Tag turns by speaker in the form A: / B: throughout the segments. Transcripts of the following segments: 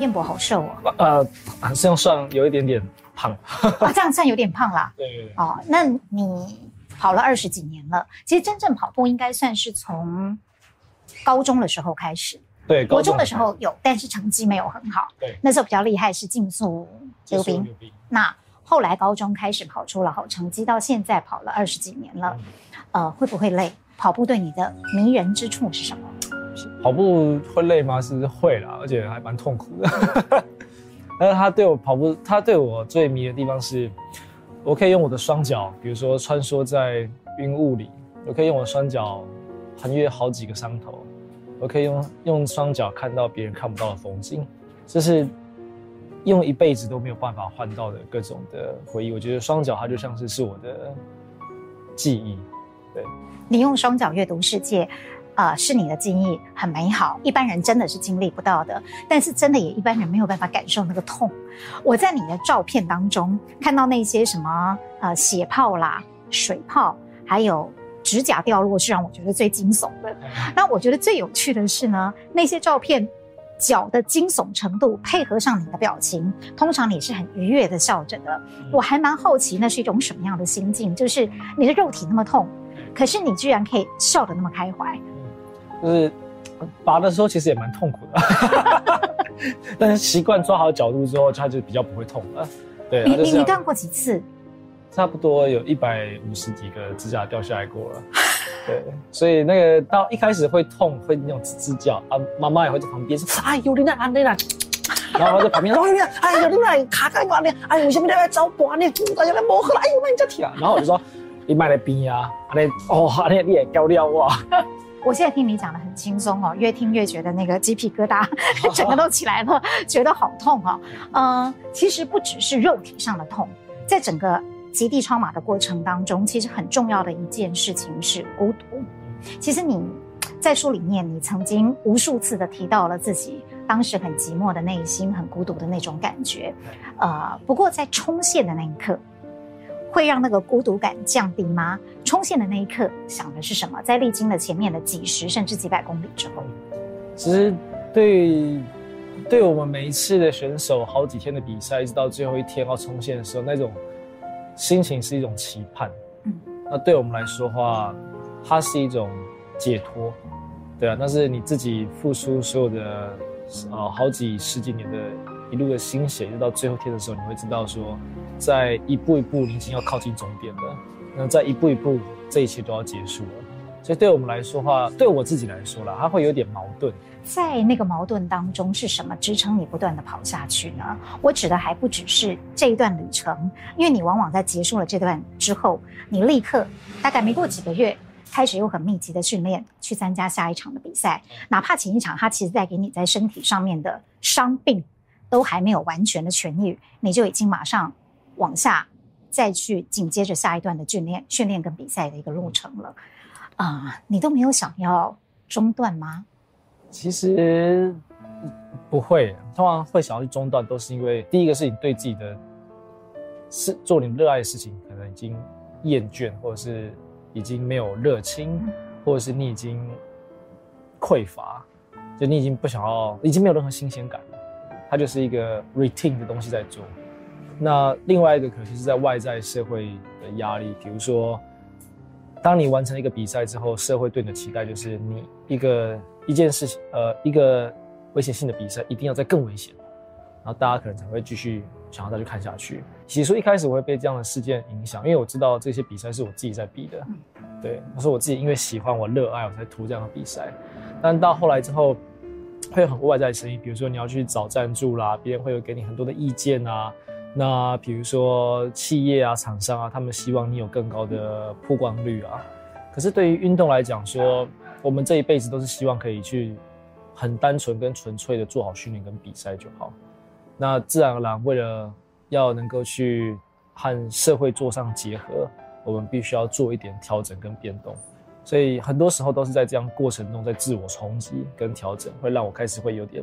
A: 彥博好瘦哦，
B: 啊、呃，好像算有一點點胖，
A: 啊，這樣算有點胖啦。對,對,對。哦、呃，那你跑了二十幾年了，其實真正跑步應該算是從高中的時候開始。對。高中的時候有，但是成績沒有很好。對。那時候比較厲害是競速溜冰，那後來高中開始跑出了好成績，到現在跑了二十幾年了、嗯，呃，會不會累？跑步對你的迷人之處是什麼？
B: 跑步會累嗎？是，不是會啦，而且還蠻痛苦的。 但是他對我跑步，他對我最迷的地方是，我可以用我的雙腳，比如說穿梭在雲霧裡，我可以用我的雙腳橫越好幾個山頭，我可以用用雙腳看到別人看不到的風景，這是用一輩子都沒有辦法換到的各種的回憶。我覺得雙腳它就像是是我的記憶，對。
A: 你用雙腳閱讀世界。呃，是你的經歷很美好，一般人真的是經歷不到的。但是真的也一般人沒有辦法感受那個痛。我在你的照片當中看到那些什麼呃血泡啦、水泡，還有指甲掉落，是讓我覺得最驚悚的。那我覺得最有趣的是呢，那些照片，腳的驚悚程度配合上你的表情，通常你是很愉悅地笑着的。我還蠻好奇那是一種什麼樣的心境，就是你的肉體那麼痛，可是你居然可以笑得那麼開懷。
B: 就是拔的時候其實也蠻痛苦的 但是習慣抓好角度之後，它就比較不會痛了。對，你你斷過幾次？差不多有一百五十幾個指甲掉下來過了。對， 所以那個到一開始會痛，會那種吱吱叫，阿媽媽也會在旁邊說：“ 哎呦，你那阿那那。” 然後在旁邊說：“ 哎呦你那卡卡阿那，哎為什麼你愛早拔呢？大家來磨合，哎呦你這疼。這麼這麼”然後我就說：“ 你買來冰呀，阿那哦阿那你也掉掉哇。 ”
A: 我現在聽你講的很輕鬆哦，越聽越覺得那個雞皮疙瘩整個都起來了，oh. 覺得好痛哦。嗯、呃，其實不只是肉體上的痛，在整個極地超馬的過程當中，其實很重要的一件事情是孤獨。其實你在書裡面，你曾經無數次的提到了自己當時很寂寞的內心，很孤獨的那種感覺。呃，不過在衝線的那一刻，會讓那個孤獨感降低嗎？衝線的那一刻想的是什麼？在歷經了前面的幾十甚至幾百公里之後，其
B: 實對，對我們每一次的選手，好幾天的比賽，一直到最後一天要衝線的時候，那種心情是一種期盼。嗯，那對我們來說的話，它是一種解脫。對啊，那是你自己付出所有的，呃，嗯啊，好幾十幾年的一路的心血，就到最後一天的時候，你會知道說。在一步一步，已經要靠近終點了。那在一步一步，這一切都要結束了。所以對我們來說的話，對我自己來說啦，它會有點矛盾。
A: 在那個矛盾當中，是什麼支撐你不斷地跑下去呢？我指的還不只是這一段旅程，因為你往往在結束了這段之後，你立刻大概沒過幾個月，開始又很密集的訓練，去參加下一場的比賽。哪怕前一場他其實帶給你在身體上面的傷病都還沒有完全的痊癒，你就已經馬上。往下，再去緊接着下一段的訓練、訓練跟比賽的一個路程了，啊、嗯，uh, 你都沒有想要中斷嗎？
B: 其實不會，通常會想要去中斷，都是因為第一個是你對自己的是做你熱愛的事情，可能已經厭倦，或者是已經沒有熱情、嗯，或者是你已經匱乏，就你已經不想要，已經沒有任何新鮮感，它就是一個 routine 的東西在做。那另外一個可能是在外在社會的壓力，比如說，當你完成一個比賽之後，社會對你的期待就是你一個一件事情，呃，一個危險性的比賽一定要再更危險，然後大家可能才會繼續想要再去看下去。其實一開始我會被這樣的事件影響，因為我知道這些比賽是我自己在比的，對，我，就是我自己因為喜歡我熱愛我才投這樣的比賽，但到後來之後，會有很多外在的聲音，比如說你要去找贊助啦，別人會有給你很多的意見啊。那比如說企業啊、廠商啊，他們希望你有更高的曝光率啊。可是對於運動來講說，我們這一輩子都是希望可以去很單純跟純粹的做好訓練跟比賽就好。那自然而然，為了要能夠去和社會做上結合，我們必須要做一點調整跟變動。所以很多時候都是在這樣過程中，在自我衝擊跟調整，會讓我開始會有點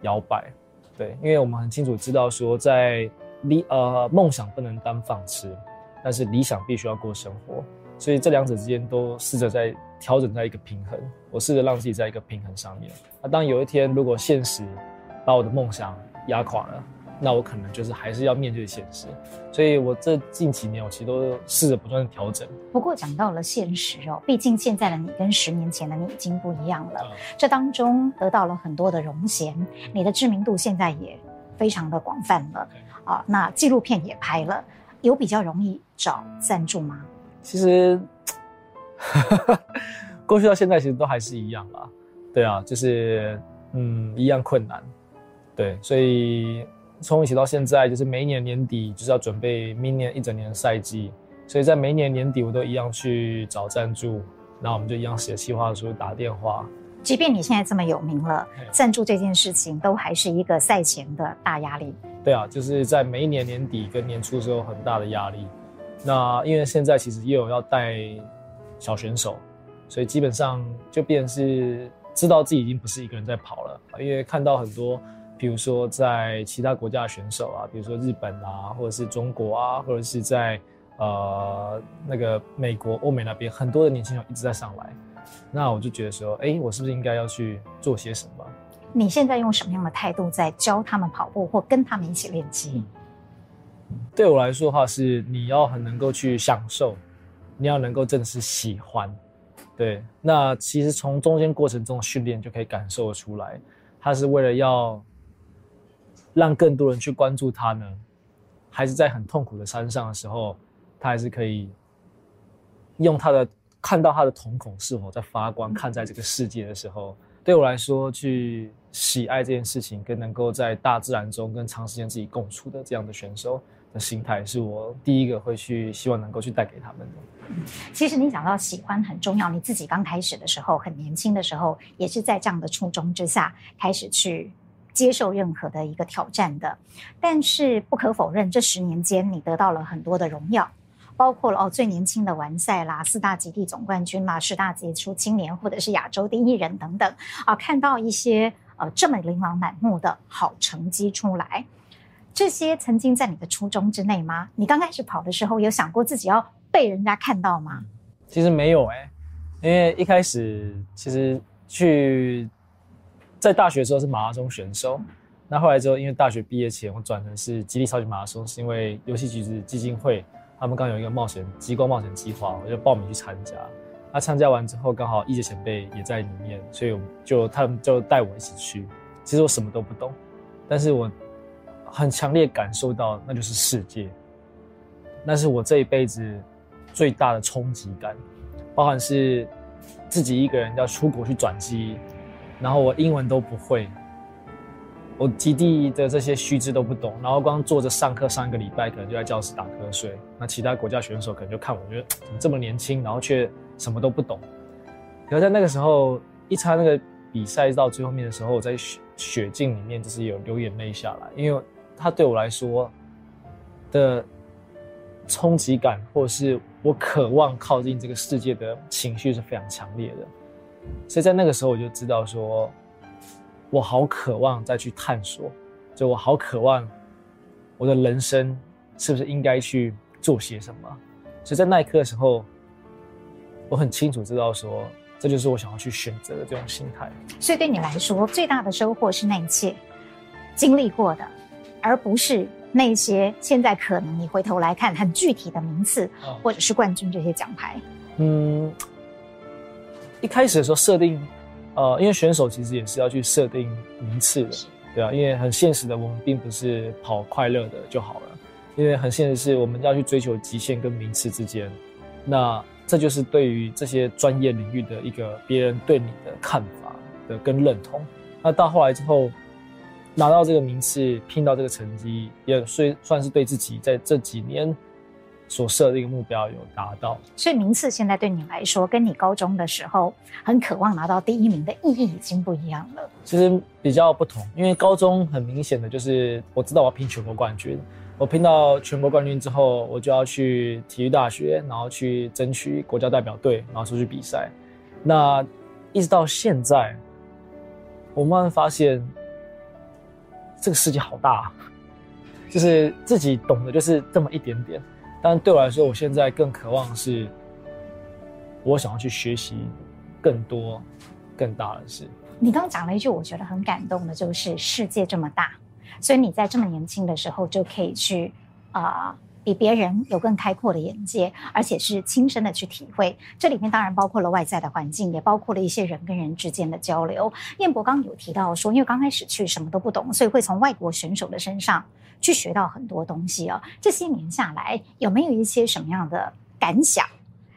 B: 搖擺。對，因為我們很清楚知道說在。理呃，夢想不能當飯吃，但是理想必須要過生活，所以這兩者之間都試着在調整在一個平衡，我試着讓自己在一個平衡上面。那、啊、當有一天如果現實把我的夢想壓垮了，那我可能就是還是要面對現實。所以我這近幾年我其實都試着不斷的調整。
A: 不過講到了現實哦，畢竟現在的你跟十年前的你已經不一樣了，嗯、這當中得到了很多的榮銜、嗯，你的知名度現在也非常的廣泛了。Okay. 那紀錄片也拍了，有比較容易找贊助嗎？其實呵
B: 呵，過去到現在其實都還是一樣啦，對啊，就是嗯，一樣困難。對，所以從一起到現在，就是每一年年底就是要準備明年一整年的賽季，所以在每一年年底我都一樣去找贊助，然後我們就一樣寫企劃書、打電話。
A: 即便你現在這麼有名了，贊助這件事情都還是一個賽前的大壓力。
B: 對啊，就是在每一年年底跟年初的時候很大的壓力。那因為現在其實也有要帶小選手，所以基本上就變成是知道自己已經不是一個人在跑了，因為看到很多，比如說在其他國家的選手啊，比如說日本啊，或者是中國啊，或者是在呃那個美國、歐美那邊很多的年輕人一直在上來。那我就覺得說，哎、欸，我是不是應該要去做些什麼？
A: 你現在用什麼樣的態度在教他們跑步，或跟他們一起練習，嗯？
B: 對我來說的話是，是你要很能夠去享受，你要能夠真的喜歡，對。那其實從中間過程中訓練就可以感受得出來，他是為了要讓更多人去關注他呢，還是在很痛苦的山上的時候，他還是可以用他的。看到他的瞳孔是否在發光，看在這個世界的時候，對我來說，去喜愛這件事情，跟能夠在大自然中跟長時間自己共處的這樣的選手的心態，是我第一個會去希望能夠去帶給他們的。嗯，
A: 其實你講到喜歡很重要，你自己剛開始的時候很年輕的時候，也是在這樣的初衷之下開始去接受任何的一個挑戰的。但是不可否認，這十年間你得到了很多的榮耀。包括了哦，最年輕的完賽啦，四大極地總冠軍啦，十大傑出青年，或者是亞洲第一人等等啊，看到一些呃這麼琳琅滿目的好成績出來，這些曾經在你的初衷之內嗎？你剛開始跑的時候有想過自己要被人家看到嗎？嗯、
B: 其實沒有哎、欸，因為一開始其實去在大學的時候是馬拉松選手，嗯、那後來之後因為大學畢業前我轉成是極地超級馬拉松，是因為遊戲橘子基金會。他們剛，剛有一個冒險機構冒險計劃，我就報名去參加。那參加完之後，剛好一屆前輩也在裡面，所以就他們就帶我一起去。其實我什麼都不懂，但是我很強烈感受到，那就是世界。那是我這一輩子最大的衝擊感，包含是自己一個人要出國去轉機，然後我英文都不會。我極地的這些須知都不懂，然後光坐着上課，上一個禮拜可能就在教室打瞌睡。那其他國家選手可能就看我就，覺得怎麼這麼年輕，然後卻什麼都不懂。然後在那個時候，一參那個比賽到最後面的時候，我在雪鏡裡面就是有流眼淚下來，因為他對我來說的衝擊感，或是我渴望靠近這個世界的情緒是非常強烈的。所以在那個時候，我就知道說。我好渴望再去探索，就我好渴望，我的人生是不是應該去做些什麼？所以在那一刻的時候，我很清楚知道說，這就是我想要去選擇的這種心態。
A: 所以對你來說，最大的收穫是那一切經歷過的，而不是那些現在可能你回頭來看很具體的名次，Okay. 或者是冠軍這些獎牌。
B: 嗯，一開始的時候設定。呃，因為選手其實也是要去設定名次的，對吧，啊？因為很現實的，我們並不是跑快樂的就好了，因為很現實是，我們要去追求極限跟名次之間。那這就是對於這些專業領域的一個別人對你的看法的跟認同。那到後來之後，拿到這個名次，拼到這個成績，也算算是對自己在這幾年所設的一個目標有達到，
A: 所以名次現在對你來說，跟你高中的時候很渴望拿到第一名的意義已經不一樣了。其
B: 實比較不同，因為高中很明顯的就是我知道我要拼全國冠軍，我拼到全國冠軍之後，我就要去體育大學，然後去爭取國家代表隊，然後出去比賽。那一直到現在，我慢慢發現這個世界好大啊，就是自己懂的就是這麼一點點。但對我來說，我現在更渴望的是，我想要去學習更多、更大的事。你
A: 剛剛講了一句，我覺得很感動的，就是世界這麼大，所以你在這麼年輕的時候就可以去啊、呃，比別人有更開闊的眼界，而且是親身的去體會。這裡面當然包括了外在的環境，也包括了一些人跟人之間的交流。彥博剛有提到說，因為剛開始去什麼都不懂，所以會從外國選手的身上。去學到很多東西哦，這些年下來有沒有一些什麼樣的感想、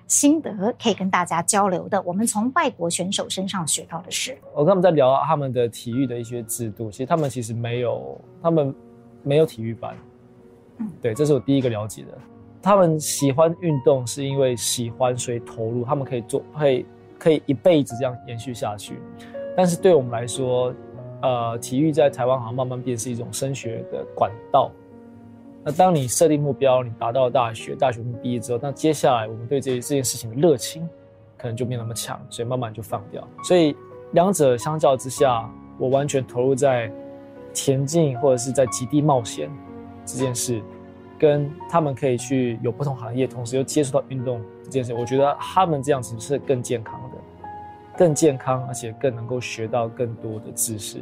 A: 心得可以跟大家交流的？我們從外國選手身上學到的是，
B: 我跟他們在聊，聊他們的體育的一些制度，其實他們其實沒有，他們沒有體育班。
A: 嗯，
B: 對，這是我第一個了解的。他們喜歡運動是因為喜歡，所以投入，他們可以做，可以可以一輩子這樣延續下去。但是對我們來說，呃，體育在台灣好像慢慢變是一種升學的管道。那當你設定目標，你達到了大學，大學畢業之後，那接下來我們對這這件事情的熱情，可能就沒有那麼強，所以慢慢就放掉。所以兩者相較之下，我完全投入在田徑或者是在極地冒險這件事，跟他們可以去有不同行業，同時又接觸到運動這件事，我覺得他們這樣子是更健康的。更健康，而且更能夠學到更多的知識，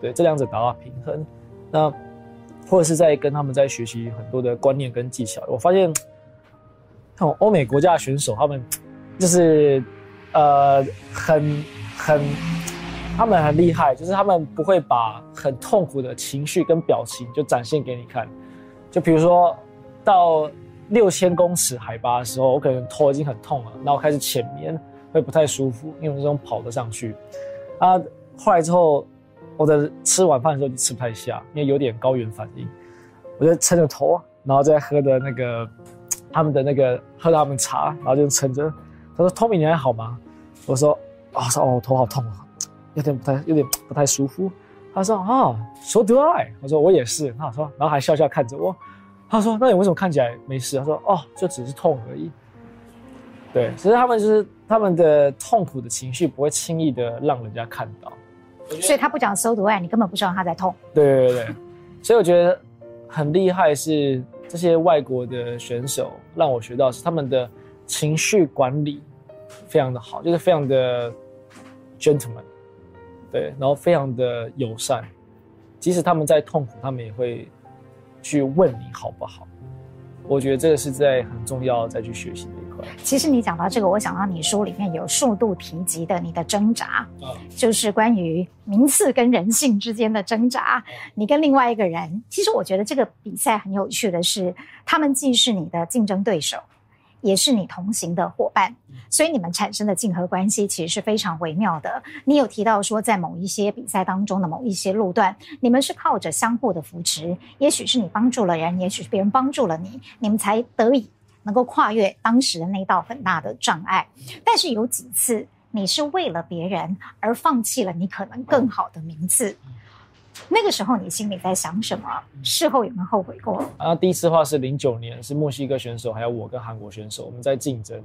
B: 對，這樣子達到平衡。那或者是在跟他們在學習很多的觀念跟技巧。我發現，那種歐美國家的選手，他們就是呃很很，他們很厲害，就是他們不會把很痛苦的情緒跟表情就展現給你看。就比如說，到六千公尺海拔的時候，我可能頭已經很痛了，那我開始淺眠。會不太舒服，因為這種跑得上去啊。後來之後，我在吃晚飯的時候就吃不太下，因為有點高原反應。我就撐着頭，然後再喝的那個他們的那個喝他們茶，然後就撐着。他說：“Tommy，你還好嗎？”我說：“啊，oh，說哦，我頭好痛啊，有點不太有點不太舒服。”他說：“啊，oh，so do I。”我說：“我也是。”他說：“然後還笑笑看着我。”他說：“那你為什麼看起來沒事？”他說：“哦，oh，就只是痛而已。”對，其實他們就是。他們的痛苦的情緒不會輕易的讓人家看到，
A: 所以他不講 so do I，你根本不知道他在痛。
B: 對對對， 所以我覺得很厲害是這些外國的選手，讓我學到是他們的情緒管理非常的好，就是非常的 gentleman，對，然後非常的友善，即使他們在痛苦，他們也會去問你好不好。我覺得這個是在很重要
A: 再去學習的一塊。其實你講到這個，我想到你書裡面有數度提及的你的掙扎，嗯，就是關於名次跟人性之間的掙扎，嗯。你跟另外一個人，其實我覺得這個比賽很有趣的是，他們既是你的競爭對手，也是你同行的夥伴，所以你們產生的競合關係其實是非常微妙的。你有提到說，在某一些比賽當中的某一些路段，你們是靠着相互的扶持，也許是你幫助了人，也許是別人幫助了你，你們才得以能夠跨越當時的那道很大的障礙。但是有幾次，你是為了別人而放棄了你可能更好的名次。那個時候你心裡在想什麼？事後有沒有後悔過？
B: 啊，第一次的話是零九年，是墨西哥選手，還有我跟韓國選手，我們在競爭。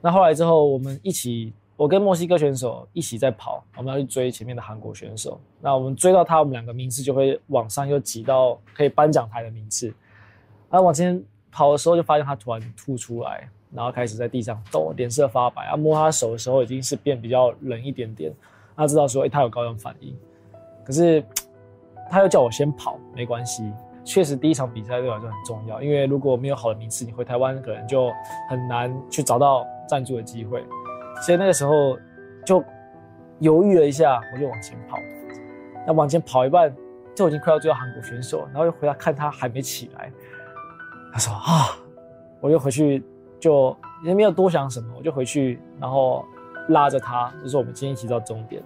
B: 那後來之後，我們一起，我跟墨西哥選手一起在跑，我們要去追前面的韓國選手。那我們追到他，我們兩個名次就會往上又擠到可以頒獎台的名次。啊，往前跑的時候就發現他突然吐出來，然後開始在地上抖，臉色發白。啊，摸他手的時候已經是變比較冷一點點。他知道說，誒、欸，他有高原反應，可是。他又叫我先跑，沒關係。確實，第一場比賽對我來說很重要，因為如果沒有好的名次，你回台灣可能就很難去找到贊助的機會。所以那個時候就猶豫了一下，我就往前跑。那往前跑一半，就已經快要追到韓國選手，然後又回來看他還沒起來。他說：“啊，我又回去就，就也沒有多想什麼，我就回去，然後拉着他，就說、是、我們今天一起到終點。”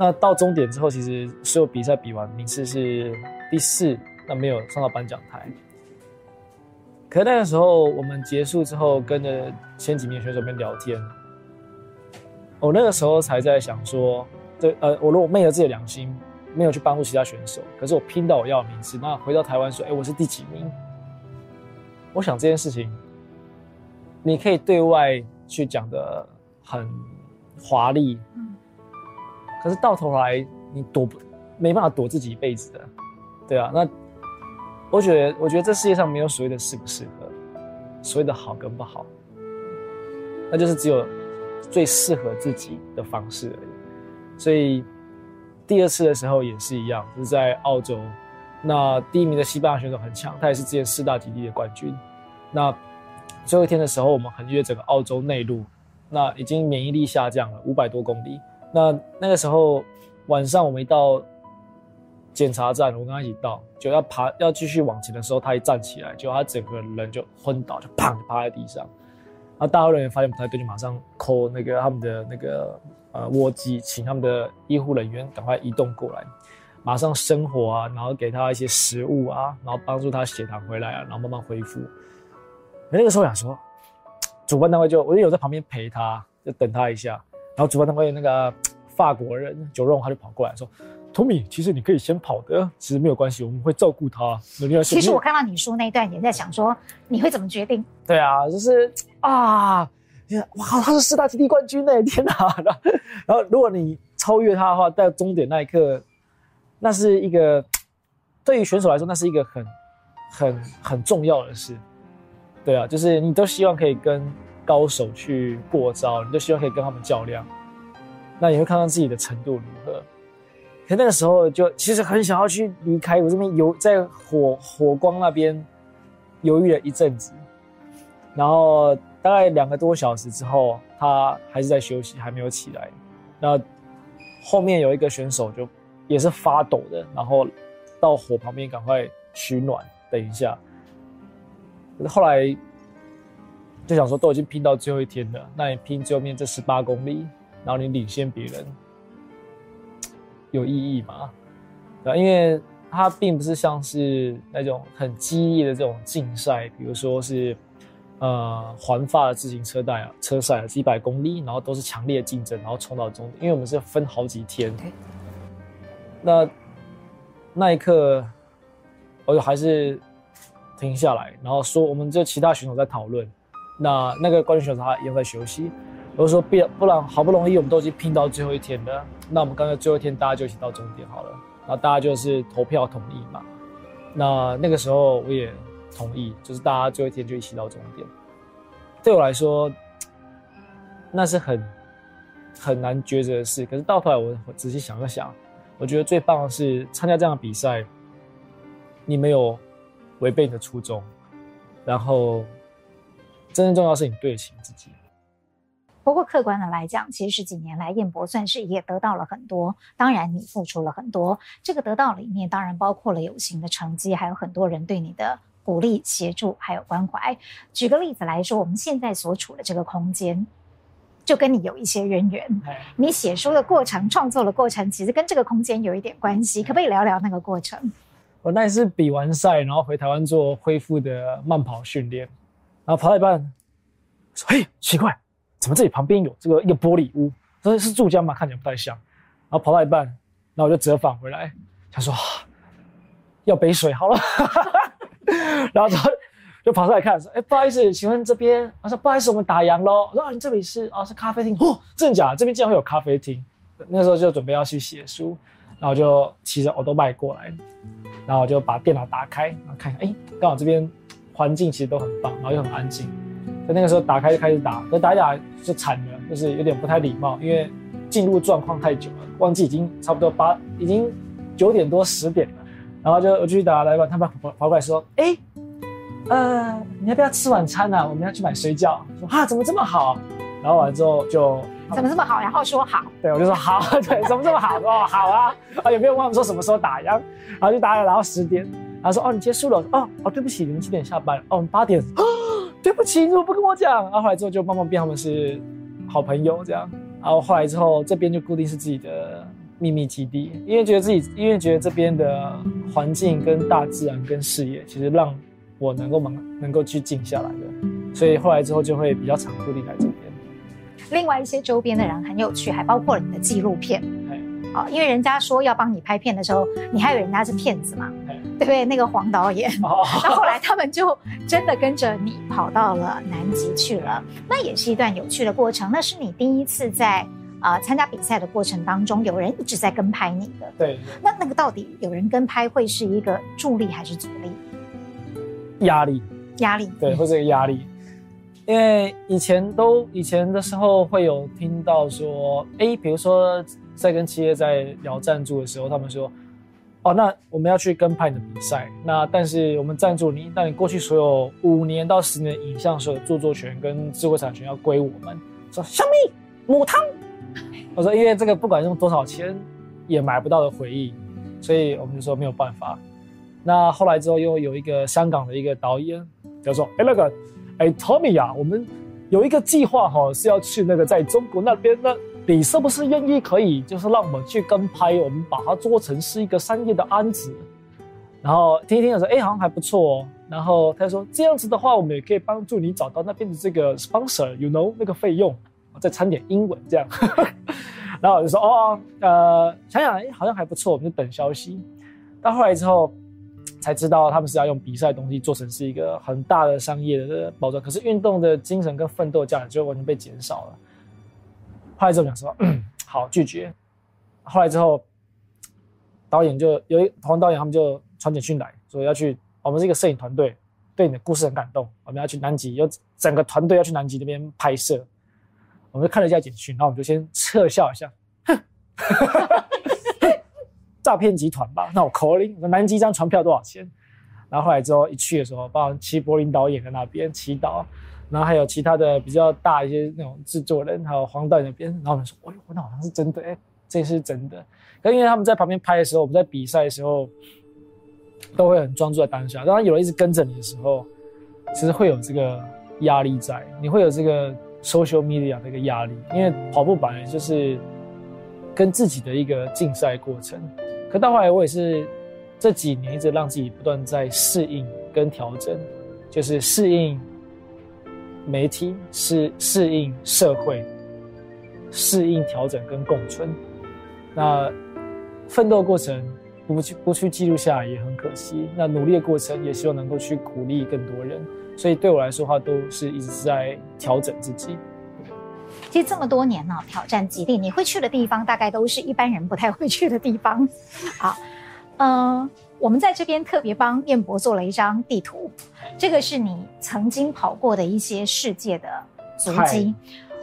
B: 那到終點之後，其實所有比賽比完，名次是第四，但沒有上到頒獎台。可那個時候，我們結束之後，跟着前幾名選手們聊天，我那個時候才在想說，對，呃，我如果昧着自己的良心，沒有去幫助其他選手，可是我拼到我要的名次，那回到台灣說，哎、欸，我是第幾名？我想這件事情，你可以對外去講得很華麗。可是到頭來你躲不，沒辦法躲自己一輩子的，對啊。那我覺得，我覺得這世界上沒有所謂的適不適合，所謂的好跟不好，那就是只有最適合自己的方式而已。所以第二次的時候也是一樣，就是在澳洲。那第一名的西班牙選手很強，他也是之前四大極地的冠軍。那最後一天的時候，我們橫越整個澳洲內陸，那已經免疫力下降了五百多公里。那那個時候晚上，我們一到檢查站，我跟他一起到，就要爬，要繼續往前的時候，他一站起來，就他整個人就昏倒，就砰就趴在地上。那大陸人員發現不太對，就馬上 call 那個他們的那個呃窩機，請他們的醫護人員趕快移動過來，馬上生火啊，然後給他一些食物啊，然後幫助他血糖回來，啊，然後慢慢恢復。那個時候我想說，主辦單位就我就有在旁邊陪他，就等他一下。然後主辦單位那個法國人九榮，Ron, 他就跑過來說 Tommy 其實你可以先跑的，其實沒有關係，我們會照顧他。”其實我
A: 看到你說那一段，也在想說你會怎麼決定？
B: 對啊，就是
A: 啊，哇，他是四大極地冠軍呢，天吶、啊。然
B: 後，然後如果你超越他的話，在終點那一刻，那是一個對於選手來說，那是一個很、很、很重要的事。對啊，就是你都希望可以跟。高手去過招，你就希望可以跟他們較量。那你會看看自己的程度如何。可那個時候就其實很想要去離開我這邊，猶在火火光那邊猶豫了一陣子。然後大概兩個多小時之後，他還是在休息，還沒有起來。那後面有一個選手就也是發抖的，然後到火旁邊趕快取暖，等一下。後來。就想說，都已經拼到最後一天了，那你拼最後面這十八公里，然後你領先別人，有意義嗎？對，因為它並不是像是那種很激烈的這種競賽，比如說是呃環法的自行車賽，車賽是一百公里，然後都是強烈的競爭，然後衝到終點。因為我們是分好幾天。那那一刻我就還是停下來，然後說，我們就其他選手在討論。那那個觀眾選手他也在休息，我說，不然不然好不容易我們都已經拼到最後一天的，那我們剛才最後一天大家就一起到終點好了。那大家就是投票同意嘛。那那個時候我也同意，就是大家最後一天就一起到終點。對我來說，那是很很難抉擇的事。可是到頭來我仔細想了想，我覺得最棒的是參加這樣的比賽，你沒有違背你的初衷，然後。真正重要
A: 是你對得起自己。不過客觀的來講，其實十幾年來彥博算是也得到了很多，當然你付出了很多。這個得到裡面當然包括了有形的成績，還有很多人對你的鼓勵、協助還有關懷。舉個例子來說，我們現在所處的這個空間，就跟你有一些淵源。哎、你寫書的過程、創作的過程，其實跟這個空間有一點關係。哎、可不可以聊聊那個過程？我那也是
B: 比完賽，然後回台灣做恢復的慢跑訓練。然後跑到一半，說：“嘿、欸，奇怪，怎麼這裡旁邊有這個一個玻璃屋？這是是住家嗎？看起來不太像。”然後跑到一半，然後我就折返回來，想說要杯水好了。哈哈哈然後就,就跑上來看，說：“誒、欸、不好意思，請問這邊？”我說：“不好意思，我們打烊了。”我說：“啊，你這裡是啊，是咖啡廳。哦”嚯，真的假的？這邊竟然會有咖啡廳？那時候就準備要去寫書，然後就騎着我都邁過來，然後我就把電腦打開，然後看一下，誒、欸、剛好這邊。環境其實都很棒，然後又很安靜。在那個時候打開就開始打，可打一打就慘了，就是有點不太禮貌，因為進入狀況太久了，忘記已經差不多八，已經九點多十點了。然後就我就去打來玩，他們跑跑過來說：“哎、欸，呃，你要不要吃晚餐呢、啊？我們要去買水餃。說”說啊，怎麼這麼好？然後完之後就
A: 怎麼這麼好？然後說好，
B: 對，我就說好，對，怎麼這麼好？哦， 好啊，啊，有沒有忘說什麼時候打烊，然後就打了，然後十點。他說：“哦，你結束了。”我說：哦，哦，對不起，你們七點下班？哦，八點。”哦，對不起，你怎麼不跟我講？然後後來之後就慢慢變，他們是好朋友這樣。然後後來之後，這邊就固定是自己的秘密基地，因為覺得自己，因為覺得這邊的環境跟大自然跟視野，其實讓我能夠忙，能夠去靜下來的，所以後來之後就會比較常固定在這邊。
A: 另外一些周邊的人很有趣，還包括了你的紀錄片。因為人家說要幫你拍片的時候，你還以為人家是騙子嘛？對，那個黃導演。那後來他們就真的跟着你跑到了南極去了，那也是一段有趣的過程。那是你第一次在啊、呃、參加比賽的過程當中，有人一直在跟拍你的。對。那那個到底有人跟拍會是一個助力還是阻力？
B: 壓力。壓力。對，會是一個壓力、
A: 嗯。因
B: 為以前都以前的時候會有聽到說，哎，比如說在跟企業在聊贊助的時候，他們說。哦，那我們要去跟拍你的比賽，那但是我們贊助你，但你過去所有五年到十年的影像所有著作權跟智慧產權要歸我們。說小米母湯，我說因為這個不管用多少錢也買不到的回憶，所以我們就說沒有辦法。那後來之後又有一個香港的一個導演，叫做哎那個哎 Tommy 啊，我們有一個計劃哈、哦、是要去那個在中國那邊呢。你是不是願意可以，就是讓我們去跟拍，我們把它做成是一個商業的案子？然後聽一聽他說，哎、欸，好像還不錯。哦。然後他說這樣子的話，我們也可以幫助你找到那邊的這個 sponsor，you know 那個費用。再摻點英文這樣。 然後我就說哦，哦，呃，想想哎、欸，好像還不錯，我們就等消息。到後來之後才知道，他們是要用比賽的東西做成是一個很大的商業的包裝，可是運動的精神跟奮鬥的價值就完全被減少了。後來之後講說，嗯、好，拒絕。後來之後，導演就有一同行導演他們，就傳簡訊來，說要去。我們是一個攝影團隊，對你的故事很感動，我們要去南極，有整個團隊要去南極那邊拍攝。我們就看了一下簡訊，然後我們就先撤銷一下。哼哈哈哈！哈詐騙集團吧？那我口令說南極一張船票多少錢？然後後來之後一去的時候，包括齊柏林導演在那邊，祈禱然後還有其他的比較大一些那種製作人，還有黃導演那邊，然後我們說，哎呦，我那好像是真的，哎，這是真的。可因為他們在旁邊拍的時候，我們在比賽的時候，都會很專注在當下。當有人一直跟着你的時候，其實會有這個壓力在，你會有這個 social media 的一個壓力，因為跑步本來就是跟自己的一個競賽過程。可到後來，我也是這幾年一直讓自己不斷在適應跟調整，就是適應。媒體是適應社會、適應調整跟共存。那奮鬥過程不去不去記錄下來也很可惜。那努力的過程也希望能夠去鼓勵更多人。所以對我來說話，都是一直在調整自己。
A: 其實這麼多年呢、啊，挑戰極地，你會去的地方大概都是一般人不太會去的地方。好，嗯、呃。我們在這邊特別幫彥博做了一張地圖，這個是你曾經跑過的一些世界的足跡，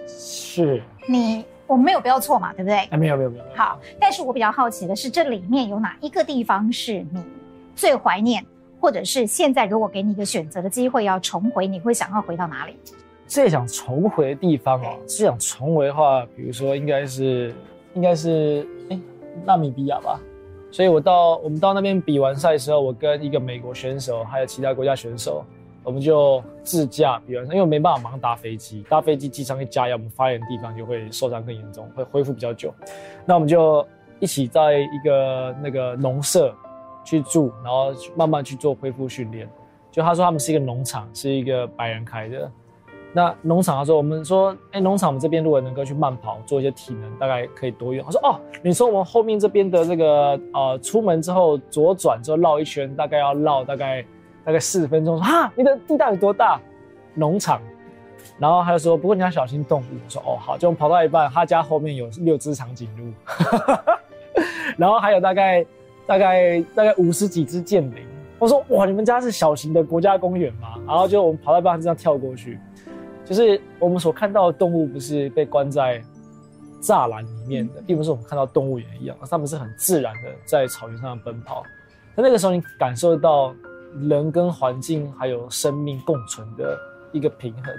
B: 是。
A: 你我沒有不要錯嘛，對不對？啊，沒有沒有沒有。好，但是我比較好奇的是，這裡面有哪一個地方是你最懷念，或者是現在如果給你一個選擇的機會要重回，你會想要回到哪裡？最
B: 想重回的地方啊，最想重回的話，比如說應該是，應該是，哎，納米比亞吧。所以我到我們到那邊比完賽的時候，我跟一個美國選手，還有其他國家選手，我們就自駕比完賽，因為沒辦法馬上搭飛機，搭飛機機艙一加壓，我們發炎的地方就會受傷更嚴重，會恢復比較久。那我們就一起在一個那個農舍去住，然後慢慢去做恢復訓練。就他說他們是一個農場，是一個白人開的。那農場，他說：“我們說，哎、欸，農場，我們這邊如果能夠去慢跑，做一些體能，大概可以多遠？”我說：“哦，你說我們後面這邊的這、那個，呃，出門之後左轉之後繞一圈，大概要繞大概大概四十分鐘。說”哈，你的地大有多大？農場？然後他就說：“不過你要小心動物。”我說：“哦，好。”就我們跑到一半，他家後面有六隻長頸鹿， 然後還有大概大概大概五十幾隻劍羚。我說：“哇，你們家是小型的國家公園嗎？”然後就我們跑到一半，他這樣跳過去。就是我們所看到的動物，不是被關在柵欄裡面的，並不是我們看到動物園一樣，它們是很自然的在草原上奔跑。在那，那個時候，你感受到人跟環境還有生命共存的一個平衡。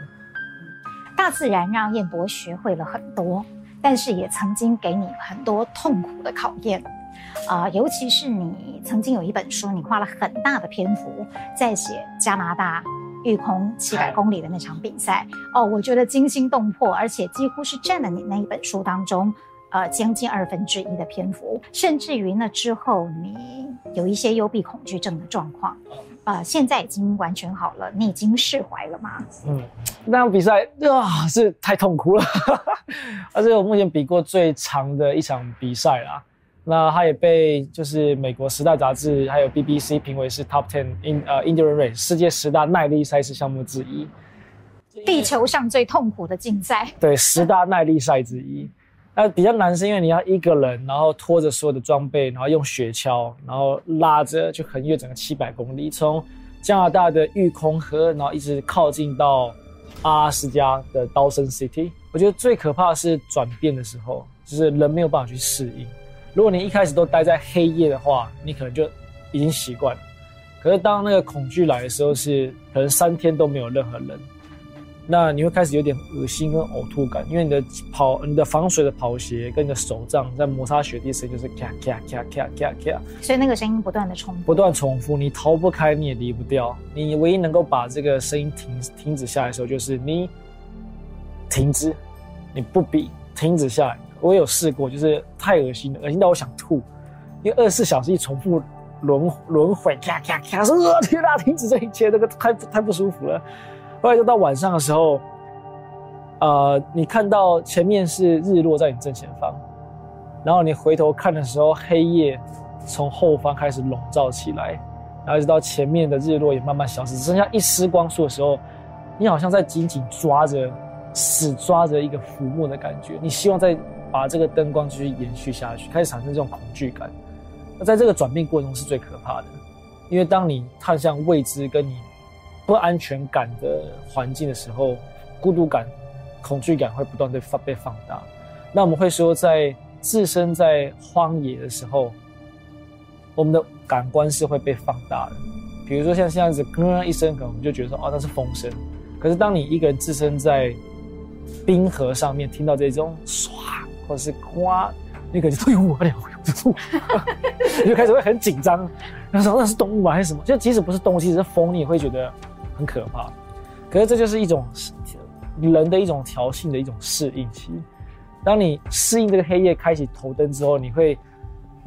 A: 大自然讓彥博學會了很多，但是也曾經給你很多痛苦的考驗啊、呃，尤其是你曾經有一本書，你花了很大的篇幅在寫加拿大，育空七百公里的那場比賽哦，我覺得驚心動魄，而且幾乎是佔了你那一本書當中，呃，將近二分之一的篇幅，甚至於那之後你有一些幽閉恐懼症的狀況，啊、呃，現在已經完全好了，你已經釋懷了嗎？嗯，
B: 那場比賽哇、啊，是太痛苦了，而 且、啊、我目前比過最長的一場比賽啦。那它也被就是美國時代雜誌還有 BBC 評為是 Top Ten in 呃 Endurance Race 世界十大耐力賽事項目之一，
A: 地球上最痛苦的競賽。
B: 對，十大耐力賽之一。那 比較難是因為你要一個人，然後拖着所有的裝備，然後用雪橇，然後拉着就橫越整個七百公里，從加拿大的育空河，然後一直靠近到阿拉斯加的道森 City。我覺得最可怕的是轉變的時候，就是人沒有辦法去適應。如果你一開始都待在黑夜的話，你可能就，已經習慣了。可是當那個恐懼來的時候是，是可能三天都沒有任何人，那你會開始有點噁心跟嘔吐感，因為你的跑、你的防水的跑鞋跟你的手杖在摩擦雪地時，就是卡卡卡卡卡卡，
A: 所以那個聲音不斷的重複，不
B: 斷重複，你逃不開，你也離不掉。你唯一能夠把這個聲音停停止下來的時候，就是你，停止，你不比停止下來。我有試過，就是太噁心了，噁心到我想吐。因為二十四小時一重複輪輪迴，咔咔咔，說天哪，啊、停止這一切，那個太太不舒服了。後來就到晚上的時候，呃，你看到前面是日落在你正前方，然後你回頭看的時候，黑夜從後方開始籠罩起來，然後一直到前面的日落也慢慢消失，只剩下一絲光束的時候，你好像在緊緊抓着，死抓着一個浮木的感覺，你希望在。把這個燈光繼續延續下去，開始產生這種恐懼感。那在這個轉變過程中是最可怕的，因為當你探向未知跟你不安全感的環境的時候，孤獨感、恐懼感會不斷的放被放大。那我們會說在，在置身在荒野的時候，我們的感官是會被放大的。比如說像現在這樣咯一聲，可能我們就覺得說，哦，那是風聲。可是當你一個人置身在冰河上面，聽到這種唰。或者是誇，那個都用不了不住， 你就開始會很緊張。然後說那是動物嗎還是什麼？就即使不是東西，是風，你也會覺得很可怕。可是這就是一種人的一種調性的一種適應期。當你適應這個黑夜，開啟頭燈之後，你會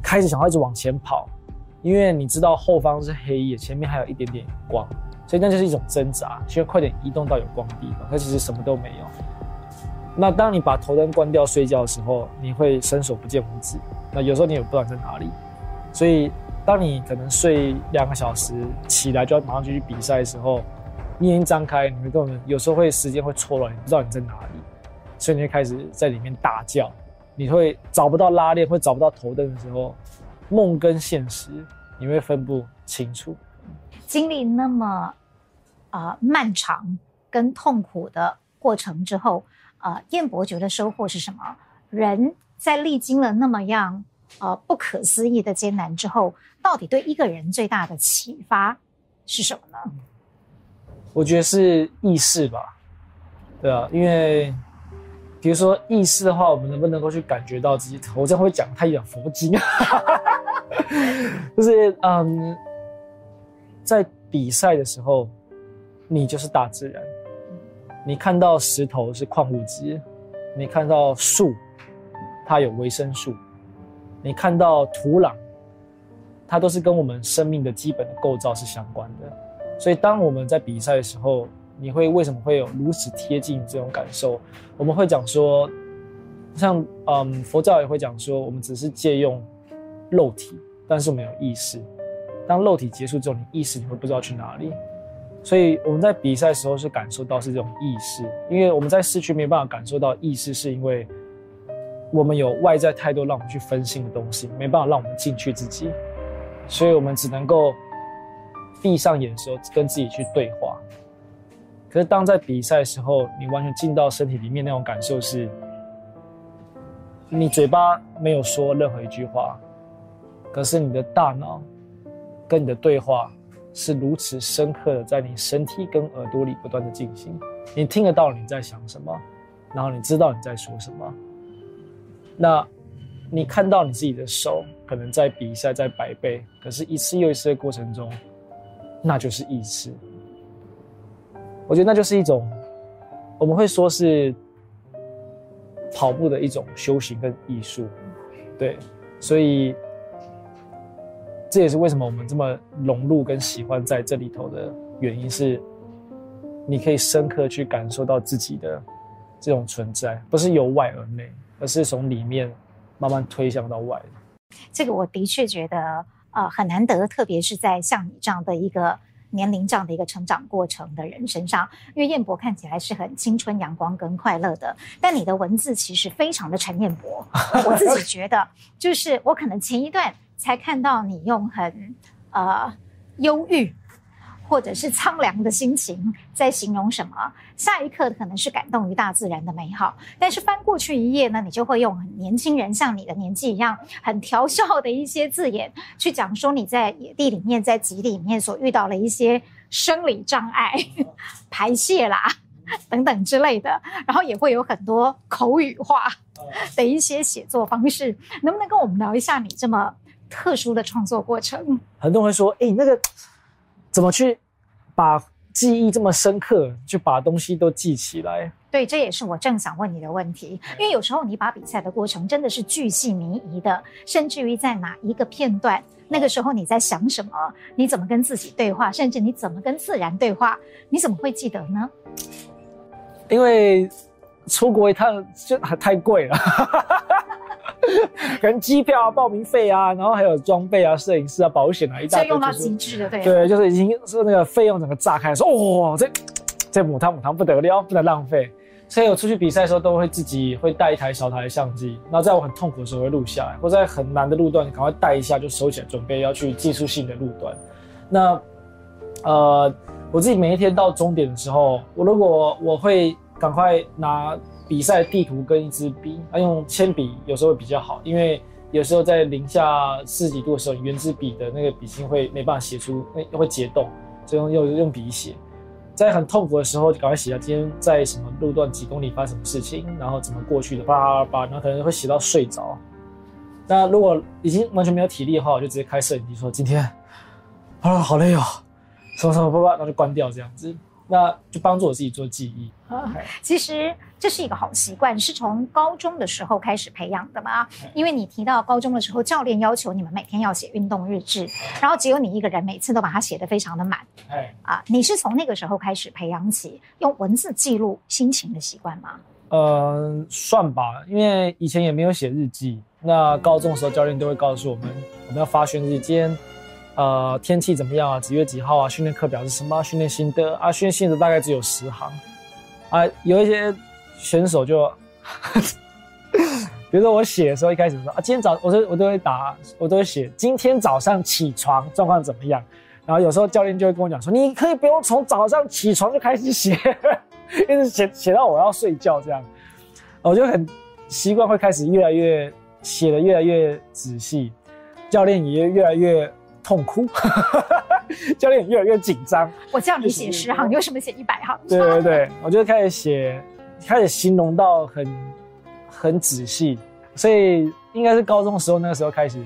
B: 開始想要一直往前跑，因為你知道後方是黑夜，前面還有一點點光，所以那就是一種掙扎，需要快點移動到有光的地方。它其實什麼都沒有。那當你把頭燈關掉睡覺的時候，你會伸手不見五指。那有時候你也不知道你在哪裡，所以當你可能睡兩個小時起來就要馬上就去比賽的時候，你眼睛張開，你會跟我們有時候會時間會錯亂，你不知道你在哪裡，所以你就開始在裡面大叫，你會找不到拉鏈，會找不到頭燈的時候，夢跟現實你會分不清楚。
A: 經歷那麼啊、呃、漫長跟痛苦的過程之後，呃，彥博覺得收穫是什麼？人在歷經了那麼樣、呃、不可思議的艱難之後，到底對一個人最大的啟發是什麼呢？
B: 我覺得是意識吧，對啊，因為比如說意識的話，我們能不能夠去感覺到自己？我這樣會講太講佛經啊， 就是嗯，在比賽的時候，你就是大自然。你看到石頭是礦物質，你看到樹，它有維生素，你看到土壤，它都是跟我們生命的基本的構造是相關的。所以當我們在比賽的時候，你會為什麼會有如此貼近這種感受？我們會講說，像嗯佛教也會講說，我們只是借用肉體，但是我們有意識。當肉體結束之後，你意識你會不知道去哪裡。所以我們在比賽的時候是感受到是這種意識，因為我們在市區沒辦法感受到意識，是因為我們有外在太多讓我們去分心的東西，沒辦法讓我們進去自己，所以我們只能夠閉上眼的時候跟自己去對話。可是當在比賽的時候，你完全進到身體裡面那種感受是，你嘴巴沒有說任何一句話，可是你的大腦跟你的對話是如此深刻的，在你身體跟耳朵裡不斷的進行，你聽得到你在想什麼，然後你知道你在說什麼。那，你看到你自己的手，可能在比賽，在擺臂，可是一次又一次的過程中，那就是意識。我覺得那就是一種，我們會說是跑步的一種修行跟藝術，對，所以。這也是為什麼我們這麼融入跟喜歡在這裡頭的原因是，你可以深刻去感受到自己的這種存在，不是由外而內，而是從裡面慢慢推向到外的。
A: 這個我的確覺得，呃，很難得，特別是，在像你這樣的一個年齡、這樣的一個成長過程的人身上，因為彥博看起來是很青春、陽光跟快樂的，但你的文字其實非常的陳彥博。 我自己覺得，就是我可能前一段。才看到你用很、呃憂鬱或者是蒼涼的心情在形容什麼，下一刻可能是感動於大自然的美好，但是翻過去一頁呢，你就會用很年輕人像你的年紀一樣很調笑的一些字眼去講說你在野地裡面、在極地裡面所遇到了一些生理障礙、排泄啦等等之類的，然後也會有很多口語化的一些寫作方式，能不能跟我們聊一下你這麼？特殊的創作過程，
B: 很多人會說：“哎、欸，那個怎麼去把記憶這麼深刻，就把東西都記起來？”
A: 對，這也是我正想問你的問題。Okay. 因為有時候你把比賽的過程真的是巨細靡遺的，甚至於在哪一個片段，那個時候你在想什麼，你怎麼跟自己對話，甚至你怎麼跟自然對話，你怎麼會記得呢？
B: 因為。出國一趟就還太貴了 可能機票啊、報名費啊，然後還有裝備啊、攝影師啊、保險啊，一大堆、就是。用到極致的，對啊，對。就是已經是那個費用整個炸開，說哦，這這母湯母湯不得了，不能浪費。所以我出去比賽的時候都會自己會帶一台小台的相機，那在我很痛苦的時候會錄下來，或在很難的路段趕快帶一下就收起來，準備要去技術性的路段。那呃，我自己每一天到終點的時候，我如果我會。趕快拿比賽地圖跟一支筆，啊，用鉛筆有時候會比較好，因為有時候在零下四十幾度的時候，原子筆的那個筆芯會沒辦法寫出，那會結凍，所以用用用筆寫，在很痛苦的時候就趕快寫下今天在什麼路段幾公里發生什麼事情，然後怎麼過去的，叭叭叭，然後可能會寫到睡着。那如果已經完全沒有體力的話，我就直接開攝影機說今天啊好累哦。什麼什麼叭叭，那就關掉這樣子，那就幫助我自己做記憶。
A: 啊，其實這是一個好習慣，是從高中的時候開始培養的嘛。因為你提到高中的時候，教練要求你們每天要寫運動日誌，然後只有你一個人每次都把它寫得非常的滿。哎，啊，你是從那個時候開始培養起用文字記錄心情的習慣嗎？嗯、
B: 呃，算吧，因為以前也沒有寫日記。那高中的時候教練都會告訴我們、嗯，我們要發宣紙，今天，呃，天氣怎麼樣啊？幾月幾號啊？訓練課表是什麼、啊？訓練心得啊？訓練心得大概只有十行。啊，有一些選手就，比如說我寫的時候，一開始說啊，今天早，我說我都會打，我都會寫，今天早上起床狀況怎麼樣？然後有時候教練就會跟我講說，你可以不用從早上起床就開始寫，一直寫寫到我要睡覺這樣。我就很習慣會開始越來越寫得越來越仔細，教練也越來越。痛哭， 教練越來越緊張。
A: 我叫你寫十行，你、就是、為什麼寫一百行？對對，
B: 對 我就開始寫，開始形容到很很仔細，所以應該是高中時候那個時候開始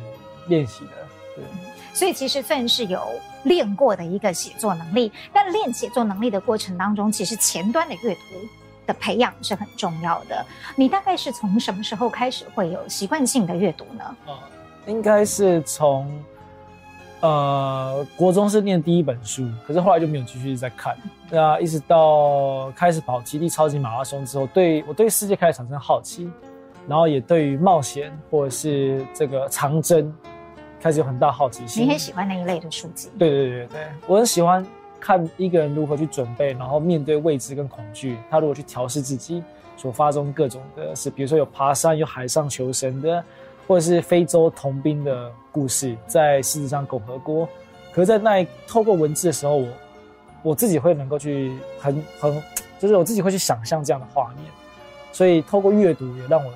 B: 練習的。對，
A: 所以其實算是有練過的一個寫作能力，但練寫作能力的過程當中，其實前端的閱讀的培養是很重要的。你大概是從什麼時候開始會有習慣性的閱讀呢？嗯，
B: 應該是從。呃，國中是念第一本書，可是，後來就沒有繼續再看。那、啊、一直到開始跑極地超級馬拉松之後，對我對世界開始產生好奇，然後也對於冒險或者是這個長征，開始有很大好奇心。你很喜
A: 歡那一類的書籍？對對
B: 對對，我很喜歡看一個人如何去準備，然後面對未知跟恐懼。他如果去調適自己所發生各種的事，比如說有爬山，有海上求生的。或者是非洲童兵的故事，在獅子山共和國，可是，在那透過文字的時候，我我自己會能夠去很很，就是我自己會去想象這樣的畫面，所以透過閱讀也讓我。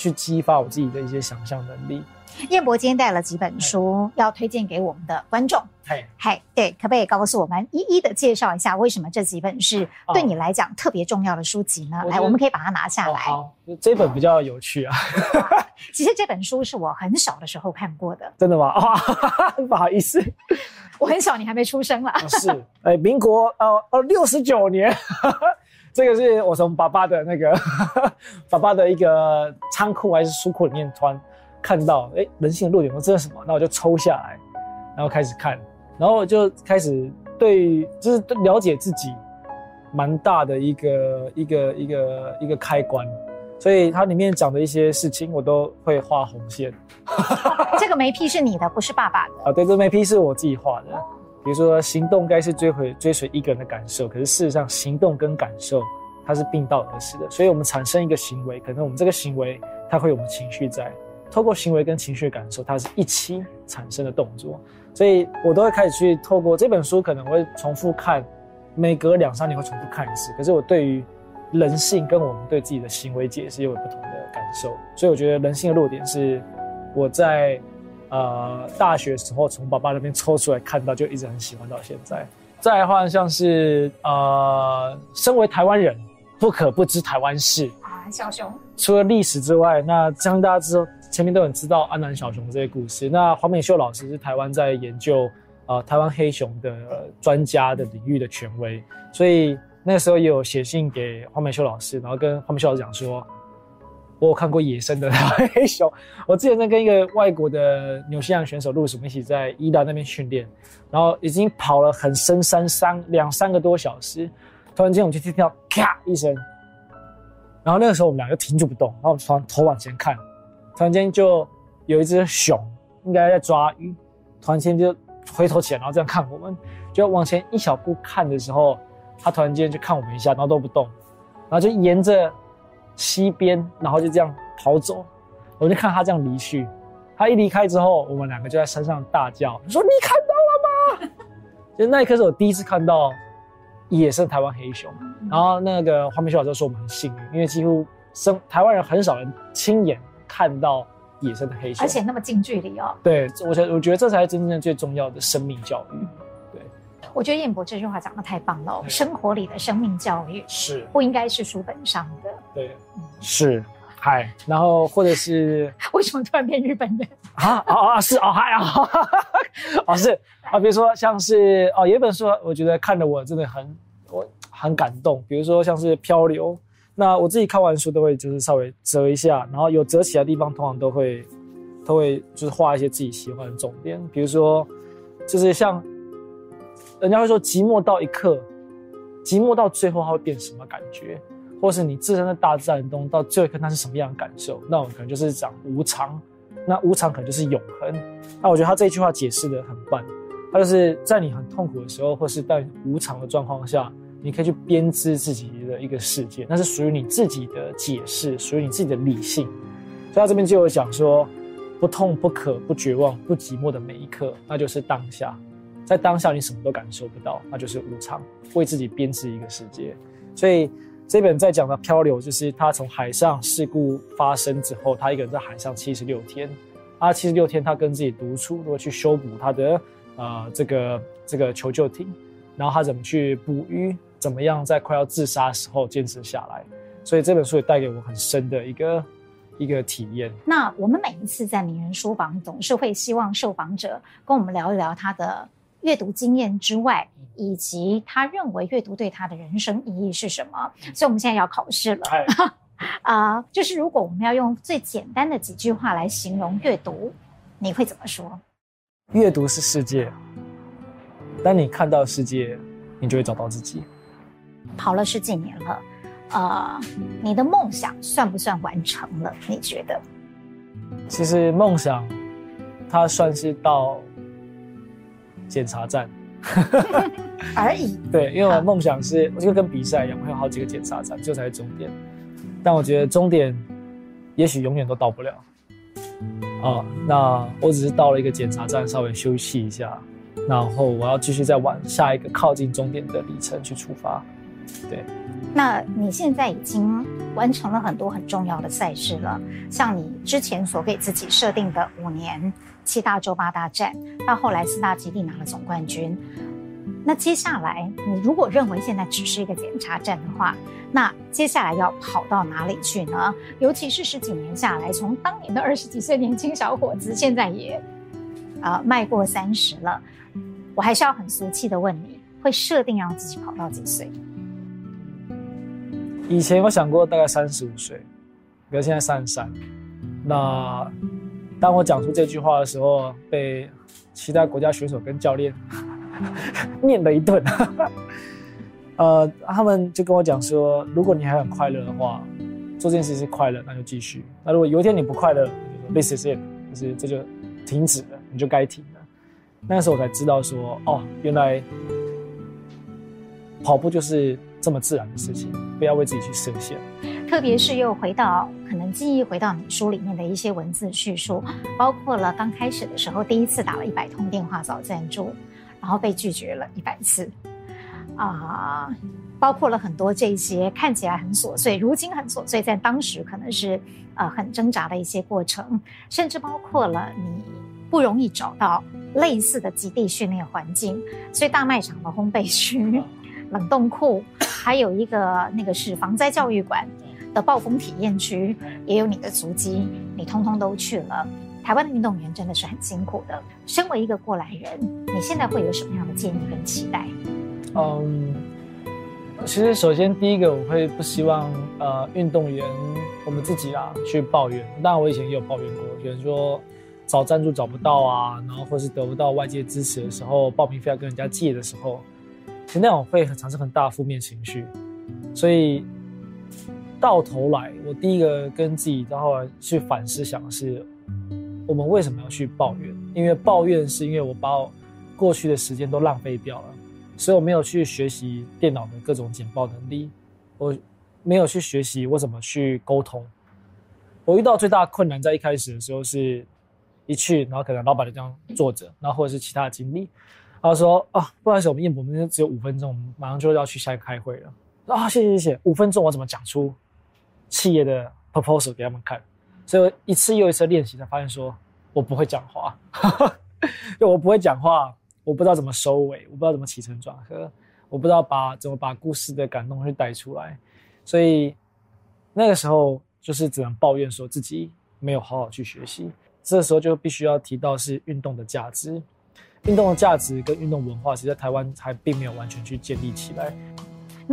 B: 去激發我自己的一些想象能力。
A: 彥博，今天帶了幾本書要推薦給我們的觀眾，嘿，嘿，對，可不可以告訴我們一一的介紹一下，為什麼這幾本是對你來講特別重要的書籍呢？來，我們可以把它拿下來。哦、好、
B: 這本比較有趣啊。哦、
A: 其實這本書是我很小的時候看過的。真的嗎？哦、哈哈不好意思，我很小，你還沒出生了。
B: 哦、是，哎，民國呃呃六十九年。 這個是我從爸爸的那個 爸爸的一個倉庫還是書庫裡面穿，看到，哎、欸，人性的弱點我知道什麼？那我就抽下來，然後開始看，然後我就開始對就是了解自己，蠻大的一個一個一個一個開關。所以它裡面講的一些事情，我都會畫紅線。 啊、
A: 這個眉批是你的，不是爸爸的
B: 啊？對，這個眉批是我自己畫的。比如說，行動該是追回追隨一個人的感受，可是事實上，行動跟感受它是並道而馳的。所以我們產生一個行為，可能我們這個行為它會有我們情緒在，透過行為跟情緒感受，它是一起產生的動作。所以我都會開始去透過這本書，可能會重複看，每隔兩三年會重複看一次。可是我對於人性跟我們對自己的行為解釋又有不同的感受，所以我覺得人性的弱點是我在。呃，大學時候從爸爸那邊抽出來看到，就一直很喜歡到現在。再來的話，像是呃，身為台灣人，不可不知台灣事啊。小
A: 熊，
B: 除了歷史之外，那相信大家知，前面都很知道南安小熊這些故事。那黃美秀老師是台灣在研究呃台灣黑熊的專家的領域的權威，所以那個時候也有寫信給黃美秀老師，然後跟黃美秀老師講說。我有看過野生的黑熊。我之前在跟一個外國的紐西蘭選手露蜀一起在宜蘭那邊訓練，然後已經跑了很深山三兩三個多小時，突然間我就聽到咔一聲，然後那個時候我們兩個就停住不動，然後我們從頭往前看，突然間就有一隻熊應該在抓魚，突然間就回頭起來，然後這樣看我們，就往前一小步看的時候，它突然間就看我們一下，然後都不動，然後就沿着。西邊，然後就這樣跑走，我就看他這樣離去。他一離開之後，我們兩個就在山上大叫，說：“你看到了嗎？” 就那一刻是我第一次看到野生台灣黑熊。嗯、然後那個黃美秀老師說我們很幸運，因為幾乎生台灣人很少人親眼看到野生的黑熊，而且那
A: 麼近距離哦。
B: 對，我覺我覺得這才是真正最重要的生命教育。嗯
A: 我覺得彥博這句話講得太棒了、哦！生活裡的生命教育是不應該是書本上的、嗯？對，
B: 是嗨。嗯、是 Hi, 然後或者是
A: 為什麼突然變日本人？
B: 啊啊啊！是哦嗨啊！哦、啊啊啊啊啊啊啊、是啊，比如說像是哦，有、啊、一本書我覺得看得我真的很我很感動。比如說像是漂流，那我自己看完書都會就是稍微折一下，然後有折起來的地方通常都會都會就是畫一些自己喜歡的重點，比如說就是像。人家會說寂寞到一刻，寂寞到最後它會變什麼感覺？或是你置身在大自然中到最後一刻，它是什麼樣的感受？那我可能就是講無常，那無常可能就是永恆。那我覺得他這一句話解釋得很棒，他就是在你很痛苦的時候，或是在無常的狀況下，你可以去編織自己的一個世界，那是屬於你自己的解釋，屬於你自己的理性。所以他這邊就有講說，不痛不渴不絕望不寂寞的每一刻，那就是當下。在當下，你什麼都感受不到，那就是無常。為自己編織一個世界，所以這本在講的漂流，就是他從海上事故發生之後，他一個人在海上七十六天。啊，七十六天，他跟自己獨處，如何去修補他的啊，呃，這個這個求救艇，然後他怎麼去捕魚，怎麼樣在快要自殺的時候堅持下來。所以這本書也帶給我很深的一個一個體驗。
A: 那我們每一次在名人書房，總是會希望受訪者跟我們聊一聊他的。閱讀經驗之外，以及他認為閱讀對他的人生意義是什麼？所以，我們現在要考試了。啊、 呃，就是如果我們要用最簡單的幾句話來形容閱讀，你會怎麼說？
B: 閱讀是世界，當你看到世界，你就會找到自己。
A: 跑了十幾年了，啊、呃，你的夢想算不算完成了？你覺得？
B: 其實夢想，它算是到。檢查站 而已。對，因為我夢想是，我就跟比賽一樣，會有好幾個檢查站，這才是終點。但我覺得終點，也許永遠都到不了。啊，那我只是到了一個檢查站，稍微休息一下，然後我要繼續再往下一個靠近終點的里程去出發。對。
A: 那你現在已經完成了很多很重要的賽事了，像你之前所給自己設定的五年。七大洲八大站，到後來四大極地拿了總冠軍。那接下來，你如果認為現在只是一個檢查站的話，那接下來要跑到哪裡去呢？尤其是十幾年下來，從當年的二十幾歲年輕小夥子，現在也啊邁、呃、過三十了。我還是要很俗氣的問你，會設定讓自己跑到幾歲？
B: 以前我想過大概三十五歲，比如現在三十三，那。當我講出這句話的時候，被其他國家選手跟教練 念了一頓。 呃，他們就跟我講說，如果你還很快樂的話，做這件事是快樂，那就繼續；那如果有一天你不快樂，this is it，就是這就停止了，你就該停了。那時候我才知道說，哦，原來跑步就是這麼自然的事情，不要為自己去設限。
A: 特別是又回到很記憶回到你書裡面的一些文字敘述，包括了剛開始的時候第一次打了一百通電話找贊助，然後被拒絕了一百次，啊、呃，包括了很多這些看起來很瑣碎，如今很瑣碎，在當時可能是呃很掙扎的一些過程，甚至包括了你不容易找到類似的極地訓練環境，所以大賣場的烘焙區、冷凍庫，還有一個那個是防災教育館的暴風體驗區，也有你的足跡，你通通都去了。台灣的運動員真的是很辛苦的。身為一個過來人，你現在會有什麼樣的建議跟期待？
B: 嗯，其實首先第一個，我會不希望呃運動員我們自己啊去抱怨。當然我以前也有抱怨過，我覺得說找贊助找不到啊，然後或是得不到外界支持的時候，報名費要跟人家借的時候，其實那種會很產生很大負面情緒，所以。到頭來，我第一個跟自己到後來去反思，想的是，我們為什麼要去抱怨？因為抱怨是因為我把我過去的時間都浪費掉了，所以我沒有去學習電腦的各種簡報能力，我沒有去學習我怎麼去溝通。我遇到最大的困難在一開始的時候是，一去然後可能老闆就這樣坐着，然後或者是其他的經理他說啊，不好意思，我們彥博，我們只有五分鐘，我們馬上就要去下一個開會了。啊，謝謝謝謝，五分鐘我怎麼講出？企業的 proposal 給他們看，所以我一次又一次練習，才發現說我不會講話， 就我不會講話，我不知道怎麼收尾，我不知道怎麼起承轉合，我不知道把怎麼把故事的感動去帶出來，所以那個時候就是只能抱怨說自己沒有好好去學習。這時候就必須要提到是運動的價值，運動的價值跟運動文化，其實在台灣還並沒有完全去建立起來。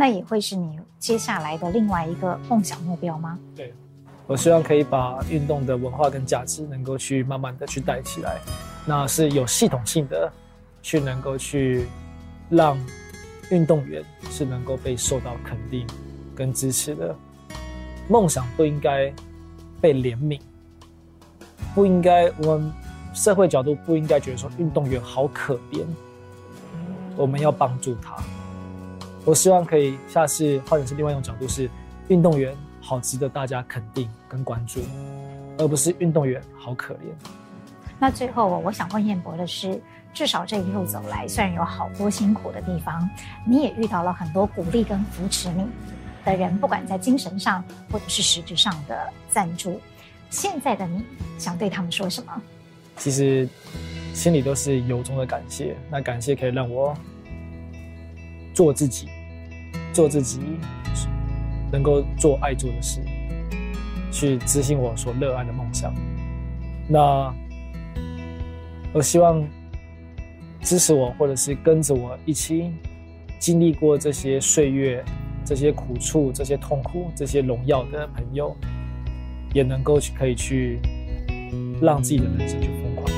A: 那也會是你接下來的另外一個夢想目標嗎？對，
B: 我希望可以把運動的文化跟價值能夠去慢慢的去帶起來，那是有系統性的，去能夠去讓運動員是能夠被受到肯定跟支持的。夢想不應該被憐憫，不應該，我們社會角度不應該覺得說運動員好可憐，我們要幫助他。我希望可以下次，換成是另外一種角度是，運動員好值得大家肯定跟關注，而不是運動員好可憐。
A: 那最後我我想問彥博的是，至少這一路走來，雖然有好多辛苦的地方，你也遇到了很多鼓勵跟扶持你的人，不管在精神上或者是實質上的贊助。現在的你想對他們說什麼？
B: 其實心裡都是由衷的感謝，那感謝可以讓我。做自己，做自己，能夠做愛做的事，去執行我所熱愛的夢想。那我希望支持我，或者是跟着我一起經歷過這些歲月、這些苦楚、這些痛苦、這些榮耀的朋友，也能夠去可以去讓自己的人生去瘋狂。